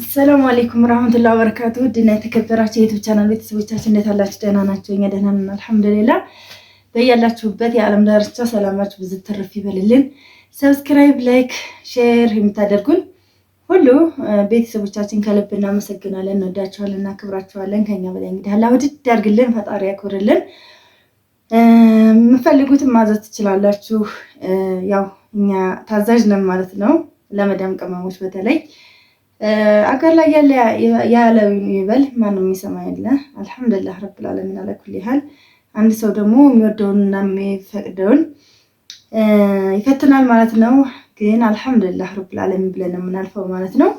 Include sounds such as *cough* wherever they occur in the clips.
አሰላሙ አሌይኩም ረህመቱላሂ ወበረካቱ። ውድና የተከበራችሁ የዩቲዩብ ቻናል ቤተሰቦቻችን እንዴት አላችሁ? ደህና ናቸው? እኛ ደህና ነን አልሐምዱሊላህ። በያላችሁበት የዓለም ዳርቻ ሰላማችሁ ብዙ ትርፍ ይበልልን። ሰብስክራይብ፣ ላይክ፣ ሼር የምታደርጉን ሁሉ ቤተሰቦቻችን ከልብ እናመሰግናለን። እንወዳችኋለን፣ እናክብራችኋለን። ከኛ በላይ እንግዲህ አላህ ውድድ ያርግልን፣ ፈጣሪ ያክብርልን። የምፈልጉትን ማዘዝ ትችላላችሁ። ያው እኛ ታዛዥ ነን ማለት ነው፣ ለመዳም ቅመሞች በተለይ አገር ላይ ያለ ያለውን ይበል ማንም የሚሰማ የለ። አልሐምዱሊላህ ረብል ዓለሚን አላ ኩሊ ሃል። አንድ ሰው ደግሞ የሚወደውንና የሚፈቅደውን ይፈትናል ማለት ነው። ግን አልሐምዱሊላህ ረብል ዓለሚን ብለን የምናልፈው ማለት ነው።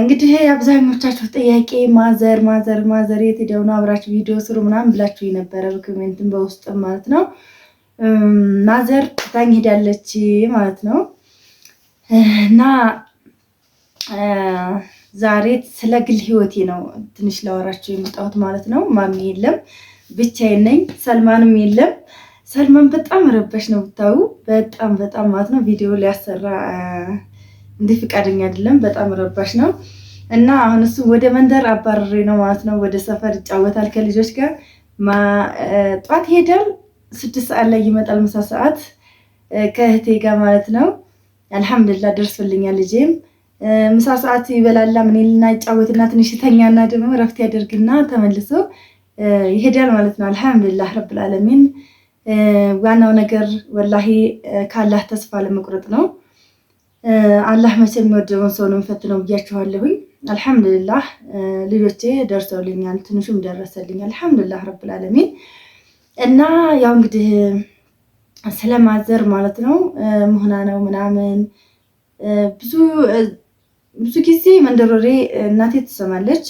እንግዲህ አብዛኞቻችሁ ጥያቄ ማዘር ማዘር ማዘር የት ሄደው ነው አብራችሁ ቪዲዮ ስሩ ምናምን ብላችሁ የነበረ ዶክመንትን በውስጥም ማለት ነው። ማዘር ትታኝ ሄዳለች ማለት ነው እና ዛሬ ስለ ግል ህይወቴ ነው ትንሽ ላወራቸው የመጣሁት ማለት ነው። ማሚ የለም ብቻዬን ነኝ። ሰልማንም የለም። ሰልማን በጣም ረበሽ ነው ብታዩ፣ በጣም በጣም ማለት ነው። ቪዲዮ ሊያሰራ እንዲህ ፈቃደኛ አይደለም። በጣም ረባሽ ነው እና አሁን እሱ ወደ መንደር አባረሬ ነው ማለት ነው። ወደ ሰፈር ይጫወታል ከልጆች ጋር ጧት ሄዳል። ስድስት ሰዓት ላይ ይመጣል። ምሳ ሰዓት ከእህቴ ጋር ማለት ነው። አልሐምዱሊላህ ደርሶልኛል ልጄም ምሳ ሰዓት ይበላላ ምን ይልና ይጫወትና ትንሽ ተኛና ደግሞ ረፍት ያደርግና ተመልሶ ይሄዳል ማለት ነው። አልሐምዱሊላህ ረብል ዓለሚን። ዋናው ነገር ወላሂ ከአላህ ተስፋ ለመቁረጥ ነው። አላህ መቼ የሚወደውን ሰው ነው የሚፈትነው ብያችኋለሁኝ። አልሐምዱሊላህ ልጆቼ ደርሰውልኛል፣ ትንሹም ደረሰልኝ። አልሐምዱሊላህ ረብል ዓለሚን እና ያው እንግዲህ ስለማዘር ማለት ነው ምሁና ነው ምናምን ብዙ ብዙ ጊዜ መንደሮሬ እናቴ ትሰማለች።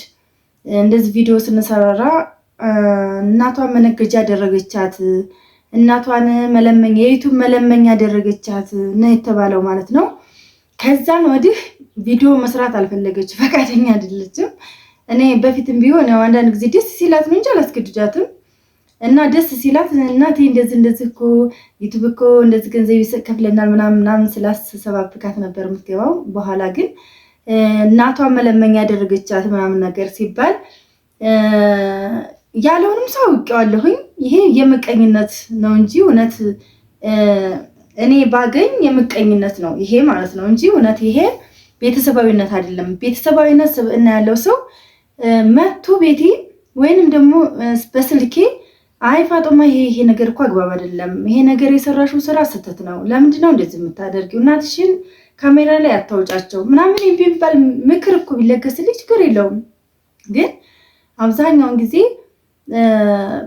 እንደዚህ ቪዲዮ ስንሰራራ እናቷን መነገጃ ያደረገቻት እናቷን መለመኛ የዩቱብ መለመኛ አደረገቻት ነ የተባለው ማለት ነው። ከዛን ወዲህ ቪዲዮ መስራት አልፈለገች፣ ፈቃደኛ አይደለችም። እኔ በፊትም ቢሆን ያው አንዳንድ ጊዜ ደስ ሲላት ነው እንጂ አላስገድዳትም። እና ደስ ሲላት እናቴ እንደዚህ እንደዚህ እኮ ዩቱብ እኮ እንደዚህ ገንዘብ ይከፍለናል ምናምን ምናምን ስላስ ሰባብካት ነበር የምትገባው። በኋላ ግን እናቷ መለመኛ ያደረገቻት ምናምን ነገር ሲባል ያለውንም ሰው አውቄዋለሁኝ። ይሄ የምቀኝነት ነው እንጂ እውነት እኔ ባገኝ የምቀኝነት ነው ይሄ ማለት ነው እንጂ እውነት ይሄ ቤተሰባዊነት አይደለም። ቤተሰባዊነት ስብዕና ያለው ሰው መቶ ቤቴ ወይንም ደግሞ በስልኬ አይ ፋጡማ፣ ይሄ ይሄ ነገር እኮ አግባብ አይደለም። ይሄ ነገር የሰራሽው ስራ ስህተት ነው። ለምንድን ነው እንደዚህ የምታደርጊው? እናትሽን ካሜራ ላይ አታውጫቸው ምናምን የሚባል ምክር እኮ ቢለገስልኝ ችግር የለውም። ግን አብዛኛውን ጊዜ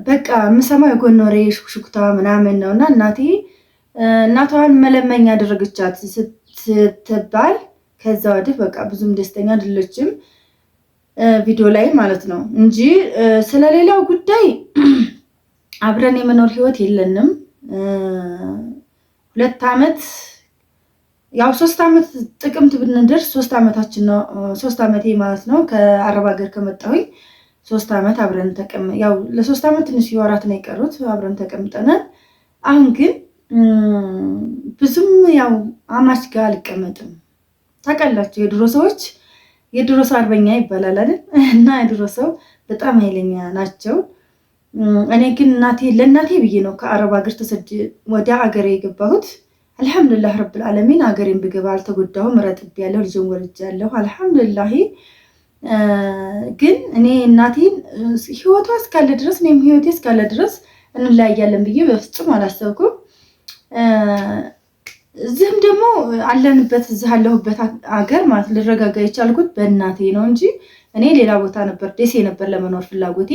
በቃ የምሰማው የጎን ወሬ ሹክሹክታ ምናምን ነው እና እናቴ እናቷን መለመኛ አደረገቻት ስትባል ከዛ ወዲህ በቃ ብዙም ደስተኛ አይደለችም፣ ቪዲዮ ላይ ማለት ነው እንጂ ስለሌላው ጉዳይ *clears throat* አብረን የመኖር ህይወት የለንም። ሁለት ዓመት ያው ሶስት ዓመት ጥቅምት ብንደርስ ሶስት ዓመታችን ነው። ሶስት ዓመቴ ማለት ነው። ከአረብ ሀገር ከመጣሁኝ ሶስት ዓመት አብረን ተቀም ያው ለሶስት ዓመት ትንሽ የወራት ነው የቀሩት አብረን ተቀምጠናል። አሁን ግን ብዙም ያው አማች ጋር አልቀመጥም። ታውቃላችሁ የድሮ ሰዎች የድሮ ሰው አርበኛ ይባላል አይደል? *laughs* እና የድሮ ሰው በጣም ኃይለኛ ናቸው። እኔ ግን እናቴ ለእናቴ ብዬ ነው ከአረብ ሀገር ተሰድ ወደ ሀገሬ የገባሁት። አልሐምዱላህ ረብል ዓለሚን ሀገሬን ብገባ አልተጎዳሁም። ረጥብ ያለው ልጅን ወልጅ ያለሁ አልሐምዱላሂ። ግን እኔ እናቴን ህይወቷ እስካለ ድረስ እኔም ህይወቴ እስካለ ድረስ እንለያያለን ብዬ በፍጹም አላሰብኩም። እዚህም ደግሞ አለንበት እዚህ አለሁበት ሀገር ማለት ልረጋጋ የቻልኩት በእናቴ ነው እንጂ እኔ ሌላ ቦታ ነበር ደሴ ነበር ለመኖር ፍላጎቴ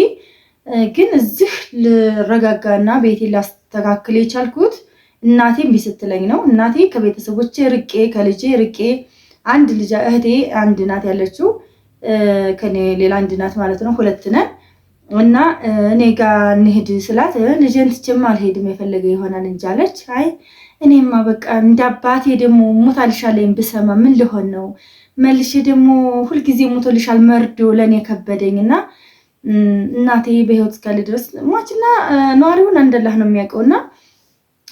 ግን እዚህ ልረጋጋና ቤቴ ላስተካክል የቻልኩት እናቴም ቢስትለኝ ነው። እናቴ ከቤተሰቦቼ ርቄ ከልጄ ርቄ አንድ ልጅ እህቴ አንድ ናት ያለችው ከኔ ሌላ አንድ ናት ማለት ነው። ሁለት ነን እና እኔ ጋር እንሄድ ስላት ልጄን ትቼማ አልሄድም የፈለገ ይሆናል እንጂ አለች። አይ እኔማ በቃ እንደ አባቴ ደግሞ ሞታልሻለኝ ብሰማ ምን ልሆን ነው መልሼ ደግሞ ሁልጊዜ ሞቶልሻል መርዶ ለእኔ ከበደኝ እና እናቴ በህይወት እስካለ ድረስ ሟችና ነዋሪውን አንደላህ ነው የሚያውቀው። እና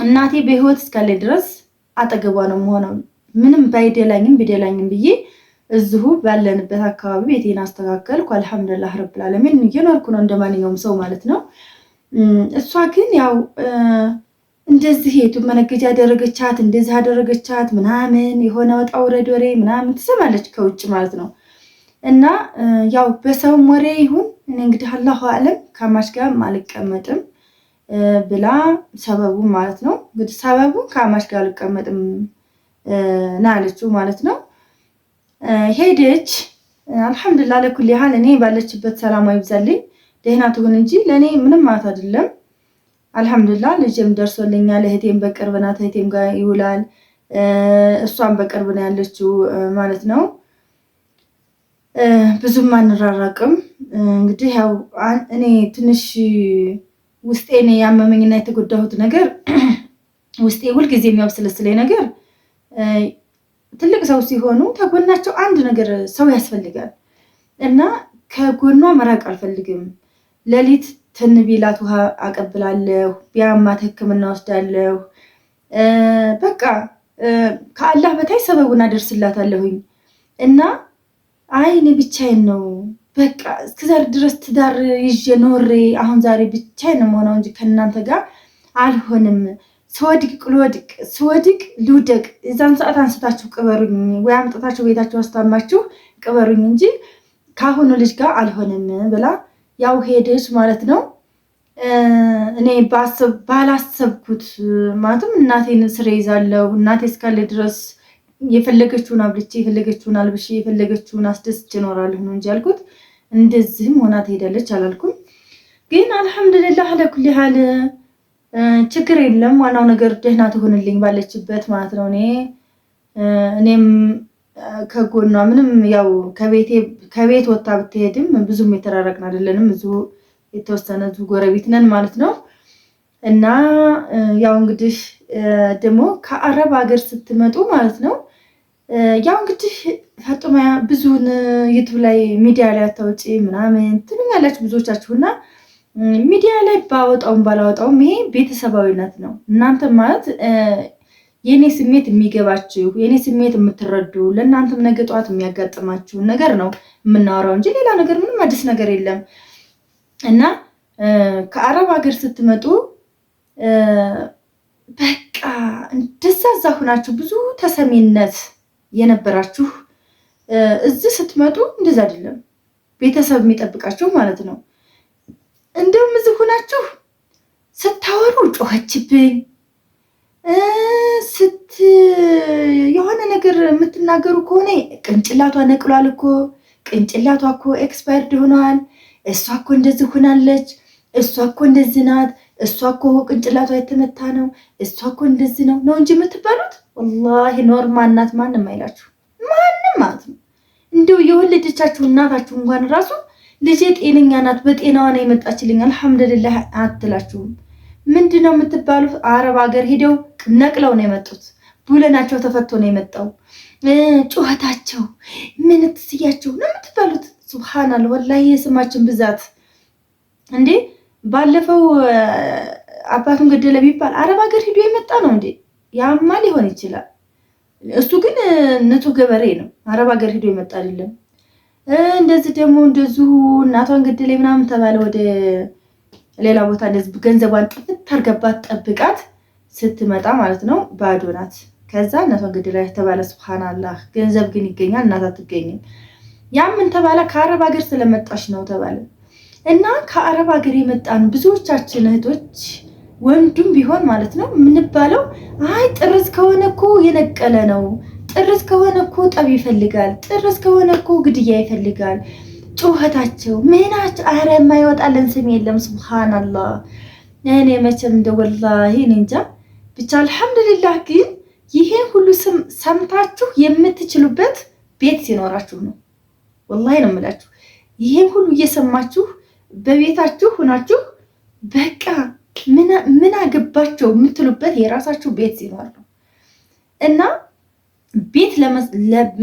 እናቴ በህይወት እስካለ ድረስ አጠገቧ ነው መሆነው። ምንም ባይደላኝም ቢደላኝም ብዬ እዚሁ ባለንበት አካባቢ ቤቴን አስተካከልኩ። አልሐምዱላህ ረብል ዓለሚን እየኖርኩ ነው እንደ ማንኛውም ሰው ማለት ነው። እሷ ግን ያው እንደዚህ የቱ መነገጃ ያደረገቻት እንደዚህ አደረገቻት ምናምን የሆነ ወጣ ውረድ ወሬ ምናምን ትሰማለች ከውጭ ማለት ነው። እና ያው በሰው ወሬ ይሁን እኔ እንግዲህ አላሁ አለም ከአማች ጋር አልቀመጥም ብላ ሰበቡ ማለት ነው እንግዲህ ሰበቡ ከአማች ጋር አልቀመጥም ና አለችው ማለት ነው። ሄደች። አልሐምዱላ ለኩል ያህል እኔ ባለችበት ሰላማዊ ይብዛልኝ፣ ደህና ትሁን እንጂ ለእኔ ምንም ማለት አይደለም። አልሐምዱላ ልጅም ደርሶልኛል። እህቴም በቅርብ ናት፣ እህቴም ጋር ይውላል። እሷም በቅርብ ነው ያለችው ማለት ነው። ብዙም አንራራቅም። እንግዲህ ያው እኔ ትንሽ ውስጤን ያመመኝና የተጎዳሁት ነገር *clears throat* ውስጤ ሁልጊዜ የሚያብስለስለኝ ነገር ትልቅ ሰው ሲሆኑ ከጎናቸው አንድ ነገር ሰው ያስፈልጋል እና ከጎኗ መራቅ አልፈልግም። ሌሊት ትን ቢላት ውሃ አቀብላለሁ፣ ቢያማት ሕክምና ወስዳለሁ። በቃ ከአላህ በታይ ሰበቡን አደርስላታለሁኝ እና አይ እኔ ብቻዬን ነው በቃ እስከዛሬ ድረስ ትዳር ይዤ ኖሬ አሁን ዛሬ ብቻዬን ነው መሆነው እንጂ ከእናንተ ጋር አልሆንም። ስወድቅ ልወድቅ ስወድቅ ልውደቅ። እዛን ሰዓት አንስታችሁ ቅበሩኝ ወይ አምጥታችሁ ቤታችሁ አስታማችሁ ቅበሩኝ እንጂ ከአሁኑ ልጅ ጋር አልሆንም ብላ ያው ሄደች ማለት ነው። እኔ ባላሰብኩት ማለትም እናቴን ስሬ ይዛለው እናቴ እስካለ ድረስ የፈለገችውን አብልቼ የፈለገችውን አልብሼ የፈለገችውን አስደስች እኖራለሁ ነው እንጂ ያልኩት። እንደዚህም ሆና ትሄዳለች አላልኩም። ግን አልሐምዱሊላህ አለኩል ያህል ችግር የለም። ዋናው ነገር ደህና ትሆንልኝ ባለችበት ማለት ነው። እኔ እኔም ከጎኗ ምንም ያው ከቤት ወታ ብትሄድም ብዙም የተራረቅን አይደለንም። እዚሁ የተወሰነ እዚሁ ጎረቤት ነን ማለት ነው። እና ያው እንግዲህ ደግሞ ከአረብ ሀገር ስትመጡ ማለት ነው ያው እንግዲህ ፈጡማ ብዙውን ዩቱብ ላይ ሚዲያ ላይ አታውጪ ምናምን ትሉኛላችሁ እና ሚዲያ ላይ ባወጣውም ባላወጣውም ይሄ ቤተሰባዊነት ነው። እናንተ ማለት የእኔ ስሜት የሚገባችሁ የእኔ ስሜት የምትረዱ ለእናንተም ነገ ጠዋት የሚያጋጥማችሁ ነገር ነው የምናወራው እንጂ ሌላ ነገር ምንም አዲስ ነገር የለም እና ከአረብ ሀገር ስትመጡ በቃ እንደዛ እዛ ሁናችሁ ብዙ ተሰሚነት የነበራችሁ እዚህ ስትመጡ እንደዛ አይደለም ቤተሰብ የሚጠብቃችሁ ማለት ነው። እንደውም እዚህ ሁናችሁ ስታወሩ ጮኸችብኝ ስት የሆነ ነገር የምትናገሩ ከሆነ ቅንጭላቷ ነቅሏል እኮ ቅንጭላቷ እኮ ኤክስፓየርድ ሆነዋል፣ እሷ እኮ እንደዚህ ሆናለች፣ እሷ እኮ እንደዚህ ናት፣ እሷ እኮ ቅንጭላቷ የተመታ ነው፣ እሷ እኮ እንደዚህ ነው ነው እንጂ የምትባሉት ወላሂ ኖርማል ናት። ማንም አይላችሁ ማንም ማለት ነው። እንዲሁ የወለደቻችሁ እናታችሁ እንኳን ራሱ ልጄ ጤነኛ ናት፣ በጤናዋ ነው የመጣችልኝ አልሐምዱሊላህ አትላችሁም። ምንድን ነው የምትባሉት? አረብ ሀገር ሄደው ነቅለው ነው የመጡት። ቡለናቸው ተፈቶ ነው የመጣው። ጩኸታቸው ምን ትስያቸው ነው የምትባሉት? ሱብሃናል ወላሂ የስማችን ብዛት እንዴ ባለፈው አባቱን ገደለ ቢባል አረብ ሀገር ሂዶ የመጣ ነው እንዴ? ያማ ሊሆን ይችላል። እሱ ግን ነቶ ገበሬ ነው። አረብ ሀገር ሂዶ የመጣ አይደለም። እንደዚህ ደግሞ እንደዚሁ እናቷን ገደለ ምናምን ተባለ። ወደ ሌላ ቦታ እንደዚህ ገንዘቧን ጥፍት አርገባት ጠብቃት ስትመጣ ማለት ነው ባዶ ናት። ከዛ እናቷን ገደለ የተባለ ስብሓናላህ ገንዘብ ግን ይገኛል፣ እናት አትገኝም። ያምን ተባለ ከአረብ ሀገር ስለመጣች ነው ተባለ። እና ከአረብ ሀገር የመጣን ብዙዎቻችን እህቶች ወንዱም ቢሆን ማለት ነው የምንባለው አይ ጥርስ ከሆነ እኮ የነቀለ ነው፣ ጥርስ ከሆነ እኮ ጠብ ይፈልጋል፣ ጥርስ ከሆነ እኮ ግድያ ይፈልጋል። ጩኸታቸው ምናቸው፣ አረ የማይወጣለን ስም የለም። ሱብሃናላህ እኔ መቼም እንደ ወላሂ እንጃ ብቻ አልሐምዱሊላህ። ግን ይሄን ሁሉ ስም ሰምታችሁ የምትችሉበት ቤት ሲኖራችሁ ነው። ወላሂ ነው የምላችሁ ይሄን ሁሉ እየሰማችሁ በቤታችሁ ሁናችሁ በቃ ምን አገባቸው የምትሉበት የራሳችሁ ቤት ሲኖር ነው። እና ቤት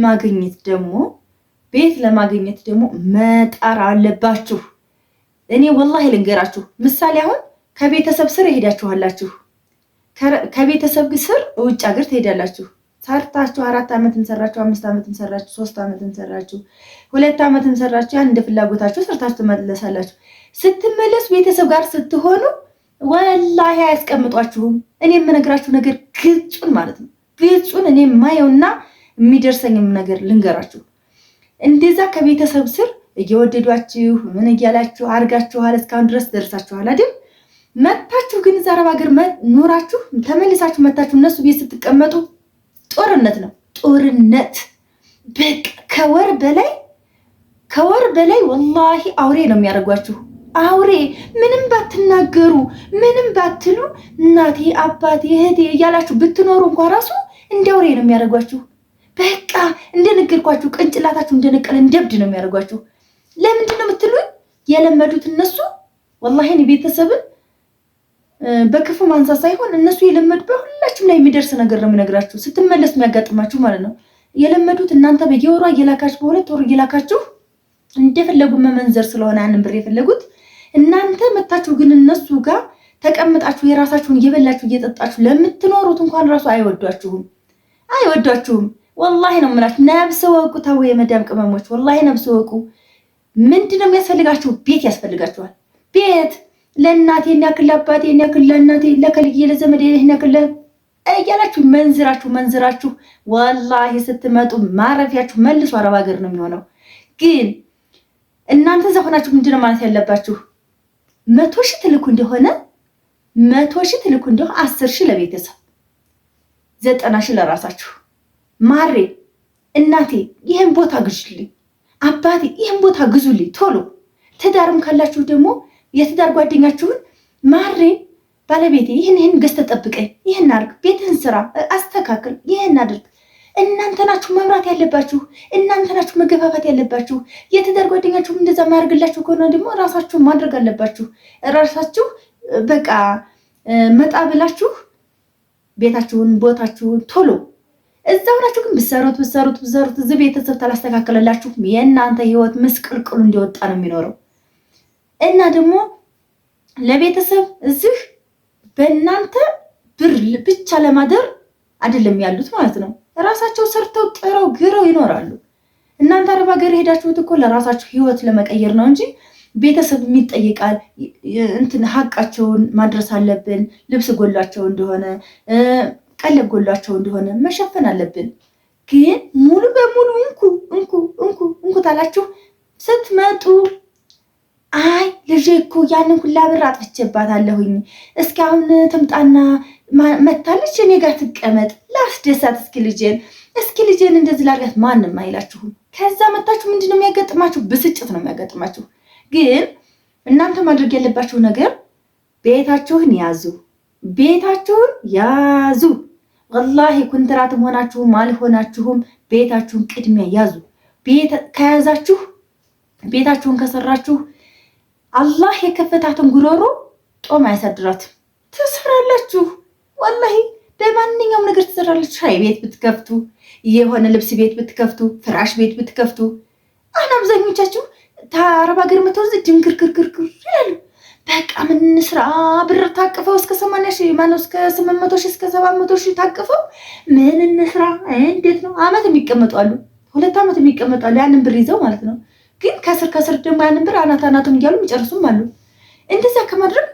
ለማግኘት ደግሞ ቤት ለማግኘት ደግሞ መጣር አለባችሁ። እኔ ወላሂ ልንገራችሁ ምሳሌ አሁን ከቤተሰብ ስር ይሄዳችኋላችሁ፣ ከቤተሰብ ስር ውጭ ሀገር ትሄዳላችሁ። ሰርታችሁ አራት ዓመትም ሰራችሁ አምስት ዓመት ሰራችሁ ሶስት ዓመትም እንሰራችሁ ሁለት ዓመትም ሰራችሁ ያን እንደ ፍላጎታችሁ ሰርታችሁ ትመለሳላችሁ። ስትመለሱ ቤተሰብ ጋር ስትሆኑ ወላሂ አያስቀምጧችሁም። እኔ የምነግራችሁ ነገር ግጹን ማለት ነው ግጹን እኔ የማየውና የሚደርሰኝም ነገር ልንገራችሁ። እንደዛ ከቤተሰብ ስር እየወደዷችሁ ምን እያላችሁ አድርጋችኋል፣ እስካሁን ድረስ ደርሳችኋል አይደል? መታችሁ ግን እዛ አረብ ሀገር ኖራችሁ ተመልሳችሁ መታችሁ እነሱ ቤት ስትቀመጡ ጦርነት ነው ጦርነት። በቃ ከወር በላይ ከወር በላይ ወላሂ አውሬ ነው የሚያደርጓችሁ አውሬ። ምንም ባትናገሩ ምንም ባትሉ እናቴ አባቴ እህቴ እያላችሁ ብትኖሩ እንኳ ራሱ እንደ አውሬ ነው የሚያደርጓችሁ። በቃ እንደነገርኳችሁ ቅንጭላታችሁ እንደነቀለ እንደብድ ነው የሚያደርጓችሁ። ለምንድን ነው የምትሉኝ? የለመዱት እነሱ ወላሂ ቤተሰብን በክፉ ማንሳት ሳይሆን እነሱ የለመዱ በሁላችሁም ላይ የሚደርስ ነገር ነው የምነግራችሁ። ስትመለስ የሚያጋጥማችሁ ማለት ነው። የለመዱት እናንተ በየወሩ እየላካችሁ በሁለት ወሩ እየላካችሁ እንደፈለጉ መመንዘር ስለሆነ ያንን ብር የፈለጉት እናንተ መታችሁ፣ ግን እነሱ ጋር ተቀምጣችሁ የራሳችሁን እየበላችሁ እየጠጣችሁ ለምትኖሩት እንኳን ራሱ አይወዷችሁም፣ አይወዷችሁም። ወላሂ ነው የምላችሁ። ነብስ ወቁ፣ ተው የመዳም ቅመሞች፣ ወላሂ ነብስ ወቁ። ምንድነው የሚያስፈልጋችሁ? ቤት ያስፈልጋችኋል። ቤት ለእናቴ ያክል ለአባቴ ያክል ለእናቴ ለከልዬ ለዘመዴ ያክል እያላችሁ መንዝራችሁ መንዝራችሁ ወላሂ ስትመጡ ማረፊያችሁ መልሶ አረብ ሀገር ነው የሚሆነው። ግን እናንተ እዛ ሆናችሁ ምንድነው ማለት ያለባችሁ? መቶ ሺህ ትልኩ እንደሆነ መቶ ሺህ ትልኩ እንደሆነ አስር ሺህ ለቤተሰብ ዘጠና ሺህ ለራሳችሁ። ማሬ እናቴ ይህን ቦታ ግዙልኝ፣ አባቴ ይህን ቦታ ግዙልኝ ቶሎ። ትዳርም ካላችሁ ደግሞ የትዳር ጓደኛችሁን ማሬ ባለቤቴ ይህን ይህን ገዝተህ ጠብቀኝ፣ ይህን አድርግ፣ ቤትህን ስራ አስተካክል፣ ይህን አድርግ። እናንተ ናችሁ መምራት ያለባችሁ፣ እናንተ ናችሁ መገፋፋት ያለባችሁ። የትዳር ጓደኛችሁ እንደዛ ማያደርግላችሁ ከሆነ ደግሞ ራሳችሁ ማድረግ አለባችሁ። ራሳችሁ በቃ መጣ ብላችሁ ቤታችሁን ቦታችሁን ቶሎ እዛው ናችሁ። ግን ብሰሩት ብሰሩት ብሰሩት እዚህ ቤተሰብ ታላስተካከለላችሁ የእናንተ ህይወት ምስቅልቅሉ እንዲወጣ ነው የሚኖረው። እና ደግሞ ለቤተሰብ እዚህ በእናንተ ብር ብቻ ለማደር አይደለም ያሉት ማለት ነው። ራሳቸው ሰርተው ጥረው ግረው ይኖራሉ። እናንተ አረብ ሀገር ሄዳችሁት እኮ ለራሳችሁ ህይወት ለመቀየር ነው እንጂ ቤተሰብ የሚጠይቃል እንትን ሀቃቸውን ማድረስ አለብን። ልብስ ጎሏቸው እንደሆነ ቀለብ ጎሏቸው እንደሆነ መሸፈን አለብን። ግን ሙሉ በሙሉ እንኩ እንኩ እንኩ እንኩ ታላችሁ ስትመጡ አይ ልጄ እኮ ያንን ሁላ ብር አጥፍቼባታለሁኝ። እስኪ አሁን ትምጣና መታለች እኔ ጋር ትቀመጥ፣ ላስደሳት እስኪ ልጄን፣ እስኪ ልጄን እንደዚህ ላርጋት። ማንም አይላችሁም። ከዛ መታችሁ ምንድን ነው የሚያጋጥማችሁ? ብስጭት ነው የሚያገጥማችሁ። ግን እናንተ ማድረግ ያለባችሁ ነገር ቤታችሁን ያዙ፣ ቤታችሁን ያዙ። ወላሂ ኩንትራትም ሆናችሁም አልሆናችሁም ቤታችሁን ቅድሚያ ያዙ። ከያዛችሁ ቤታችሁን ከሰራችሁ አላህ የከፈታትን ጉሮሮ ጦም አያሳድራትም። ትሰራላችሁ፣ ወላሂ በማንኛውም ነገር ትሰራላችሁ። ሻይ ቤት ብትከፍቱ፣ የሆነ ልብስ ቤት ብትከፍቱ፣ ፍራሽ ቤት ብትከፍቱ፣ አሁን አብዛኞቻችሁ ተአረብ ሀገር መተወዝ ድንክርክርክርክር ይላሉ። በቃ ምን ስራ ብር ታቅፈው እስከ ሰማንያ ሺ ማነው እስከ ስምንት መቶ ሺህ እስከ ሰባት መቶ ሺህ ታቅፈው ምን ስራ እንዴት ነው አመት የሚቀመጡ አሉ፣ ሁለት አመት የሚቀመጡ አሉ። ያንን ብር ይዘው ማለት ነው ግን ከስር ከስር ደግሞ ያንን ብር አናት አናቱን እያሉ የሚጨርሱም አሉ። እንደዛ ከማድረግ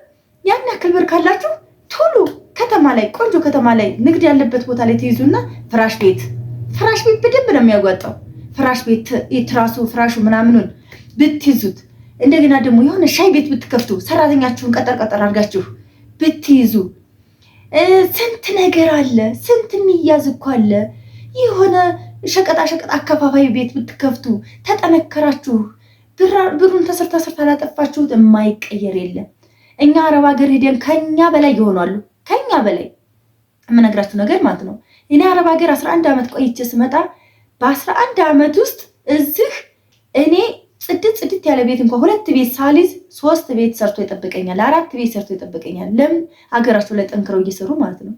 ያን ያክል ብር ካላችሁ ቶሎ ከተማ ላይ ቆንጆ ከተማ ላይ ንግድ ያለበት ቦታ ላይ ትይዙና ፍራሽ ቤት ፍራሽ ቤት በደንብ ነው የሚያጓጣው። ፍራሽ ቤት የትራሱ ፍራሹ ምናምኑን ብትይዙት፣ እንደገና ደግሞ የሆነ ሻይ ቤት ብትከፍቱ፣ ሰራተኛችሁን ቀጠር ቀጠር አድርጋችሁ ብትይዙ፣ ስንት ነገር አለ፣ ስንት የሚያዝ እኮ አለ የሆነ ሸቀጣሸቀጥ አከፋፋይ ቤት ብትከፍቱ ተጠነከራችሁ፣ ብሩን ተስር ተስር ታላጠፋችሁት የማይቀየር የለም። እኛ አረብ ሀገር ሄደን ከኛ በላይ ይሆናሉ። ከኛ በላይ የምነግራችሁ ነገር ማለት ነው። እኔ አረብ ሀገር አስራ አንድ ዓመት ቆይቼ ስመጣ በአስራ አንድ ዓመት ውስጥ እዚህ እኔ ጽድት ጽድት ያለ ቤት እንኳ ሁለት ቤት ሳሊዝ ሶስት ቤት ሰርቶ ይጠብቀኛል፣ አራት ቤት ሰርቶ ይጠብቀኛል። ለምን ሀገራቸው ላይ ጠንክረው እየሰሩ ማለት ነው።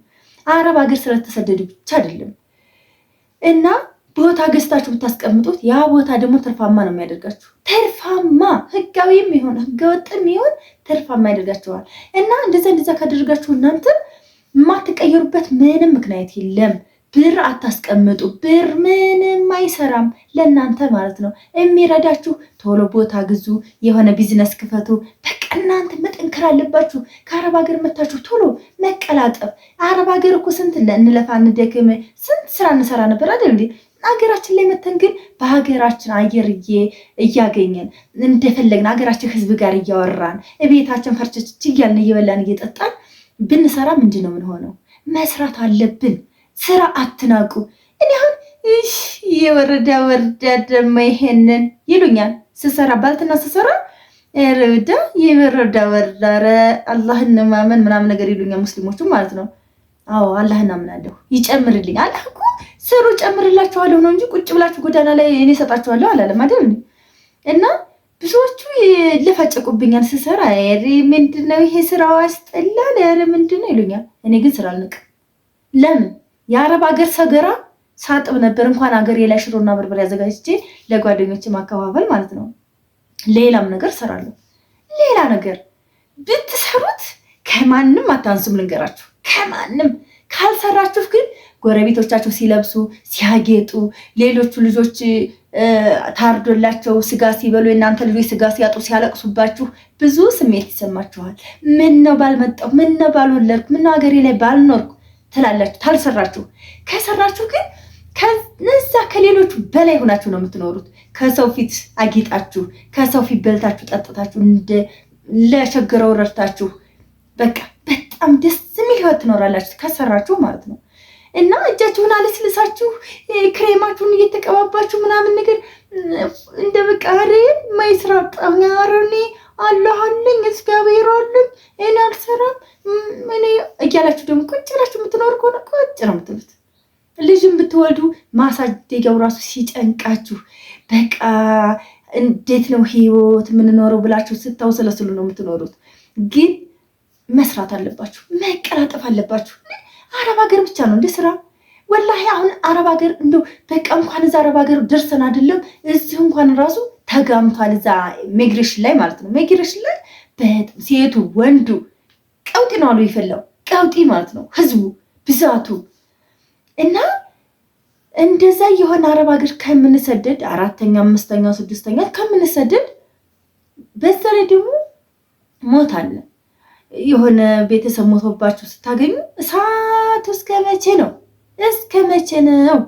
አረብ ሀገር ስለተሰደዱ ብቻ አይደለም እና ቦታ ገዝታችሁ ብታስቀምጡት ያ ቦታ ደግሞ ትርፋማ ነው የሚያደርጋችሁ። ትርፋማ ህጋዊም ይሆን ህገወጥም ይሆን ትርፋማ ያደርጋችኋል። እና እንደዛ እንደዛ ካደረጋችሁ እናንተ የማትቀየሩበት ምንም ምክንያት የለም። ብር አታስቀምጡ። ብር ምንም አይሰራም ለእናንተ ማለት ነው። የሚረዳችሁ ቶሎ ቦታ ግዙ፣ የሆነ ቢዝነስ ክፈቱ። በቃ እናንተ መጠንከር አለባችሁ። ከአረብ ሀገር መታችሁ ቶሎ መቀላጠፍ። አረብ ሀገር እኮ ስንት እንለፋ እንደክም፣ ስንት ስራ እንሰራ ነበር አይደል? ሀገራችን ላይ መተን ግን በሀገራችን አየር እያገኘን እንደፈለግን ሀገራችን ህዝብ ጋር እያወራን ቤታችን ፈርቸች እያልን እየበላን እየጠጣን ብንሰራ ምንድን ነው ምንሆነው? መስራት አለብን። ስራ አትናቁ። እኔ አሁን የወረዳ ወረዳ ደሞ ይሄንን ይሉኛል ስሰራ ባልትና ስሰራ ረዳ የወረዳ ወረዳ ረ አላህን ማመን ምናምን ነገር ይሉኛል ሙስሊሞቹ ማለት ነው። አዎ አላህን አምናለሁ። ይጨምርልኝ አላህ እኮ ስሩ ጨምርላችኋለሁ ነው እንጂ ቁጭ ብላችሁ ጎዳና ላይ እኔ እሰጣችኋለሁ አላለም አይደል? እና ብዙዎቹ ይለፋጨቁብኛል ስሰራ። ኧረ ምንድነው ይሄ ስራው ያስጠላል፣ ኧረ ምንድነው ይሉኛል። እኔ ግን ስራ አልንቅም። ለምን የአረብ ሀገር ሰገራ ሳጥብ ነበር። እንኳን ሀገር የላይ ሽሮና በርበሬ አዘጋጅቼ ለጓደኞች ማከፋፈል ማለት ነው። ሌላም ነገር እሰራለሁ። ሌላ ነገር ብትሰሩት ከማንም አታንስም። ልንገራችሁ ከማንም ካልሰራችሁ ግን ጎረቤቶቻቸው ሲለብሱ ሲያጌጡ፣ ሌሎቹ ልጆች ታርዶላቸው ስጋ ሲበሉ፣ የእናንተ ልጆች ስጋ ሲያጡ ሲያለቅሱባችሁ ብዙ ስሜት ይሰማችኋል። ምን ነው ባልመጣሁ፣ ምን ነው ባልወለድኩ፣ ምን ሀገሬ ላይ ባልኖርኩ ትላላችሁ። ታልሰራችሁ ከሰራችሁ ግን ከነዛ ከሌሎቹ በላይ ሆናችሁ ነው የምትኖሩት። ከሰው ፊት አጌጣችሁ፣ ከሰው ፊት በልታችሁ ጠጥታችሁ፣ ለቸገረው ረድታችሁ በቃ በጣም ደስ የሚል ህይወት ትኖራላችሁ ከሰራችሁ ማለት ነው። እና እጃችሁን አለስልሳችሁ ክሬማችሁን እየተቀባባችሁ ምናምን ነገር እንደ በቃ ኧረ ማይስራ ጣኛረኔ አለሃለኝ እግዚአብሔር አለኝ እኔ አልሰራም እኔ እያላችሁ ደግሞ ቁጭ ብላችሁ የምትኖር ከሆነ ቁጭ ነው የምትሉት። ልጅም ብትወልዱ ማሳደጊያው ራሱ ሲጨንቃችሁ በቃ እንዴት ነው ህይወት የምንኖረው ብላችሁ ስታውሰለስሉ ነው የምትኖሩት ግን መስራት አለባችሁ፣ መቀላጠፍ አለባችሁ። አረብ ሀገር ብቻ ነው እንደ ስራ ወላሂ። አሁን አረብ ሀገር እንደው በቃ እንኳን እዛ አረብ ሀገር ደርሰን አይደለም እዚህ እንኳን ራሱ ተጋምቷል። እዛ ሜግሬሽን ላይ ማለት ነው። ሜግሬሽን ላይ በጣም ሴቱ ወንዱ ቀውጢ ነው አሉ የፈላው ቀውጢ ማለት ነው ህዝቡ ብዛቱ እና እንደዛ የሆነ አረብ ሀገር ከምንሰደድ አራተኛ አምስተኛ ስድስተኛ ከምንሰደድ በዛ ላይ ደግሞ ሞት አለን የሆነ ቤተሰብ ሞቶባችሁ ስታገኙ እሳቱ እስከ መቼ ነው? እስከ መቼ ነው?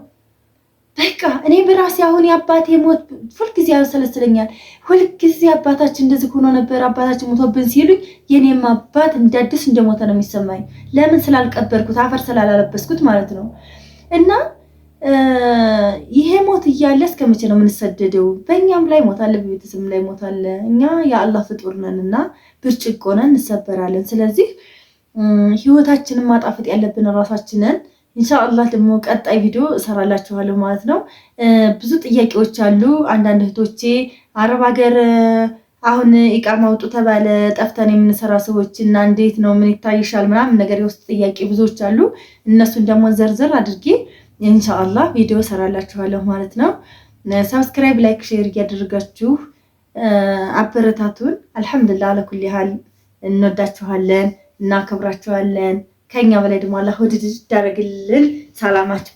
በቃ እኔ በራሴ አሁን የአባቴ ሞት ሁልጊዜ ያሰለስለኛል። ሁልጊዜ አባታችን እንደዚህ ሆኖ ነበር አባታችን ሞቶብን ሲሉኝ የኔም አባት እንደ አዲስ እንደሞተ ነው የሚሰማኝ። ለምን ስላልቀበርኩት አፈር ስላላለበስኩት ማለት ነው። እና ይሄ ሞት እያለ እስከ መቼ ነው የምንሰደደው? በእኛም ላይ ሞት አለ፣ በቤተሰብም ላይ ሞት አለ። እኛ የአላህ ፍጡር ነን እና ብርጭቆ ነን፣ እንሰበራለን። ስለዚህ ህይወታችንን ማጣፈጥ ያለብን ራሳችንን። ኢንሻአላህ ደግሞ ቀጣይ ቪዲዮ እሰራላችኋለሁ ማለት ነው። ብዙ ጥያቄዎች አሉ። አንዳንድ እህቶቼ አረብ ሀገር አሁን ኢቃማ አውጡ ተባለ፣ ጠፍተን የምንሰራ ሰዎች እና እንዴት ነው ምን ይታይሻል ምናምን ነገር የውስጥ ጥያቄ ብዙዎች አሉ። እነሱን ደግሞ ዘርዘር አድርጌ ኢንሻአላህ ቪዲዮ እሰራላችኋለሁ ማለት ነው። ሰብስክራይብ፣ ላይክ፣ ሼር እያደረጋችሁ አበረታቱን። አልሐምዱላ አለኩል ያህል እንወዳችኋለን፣ እናከብራችኋለን። ከኛ በላይ ደግሞ አላህ ወድድ ያደርግልን። ሰላማችሁ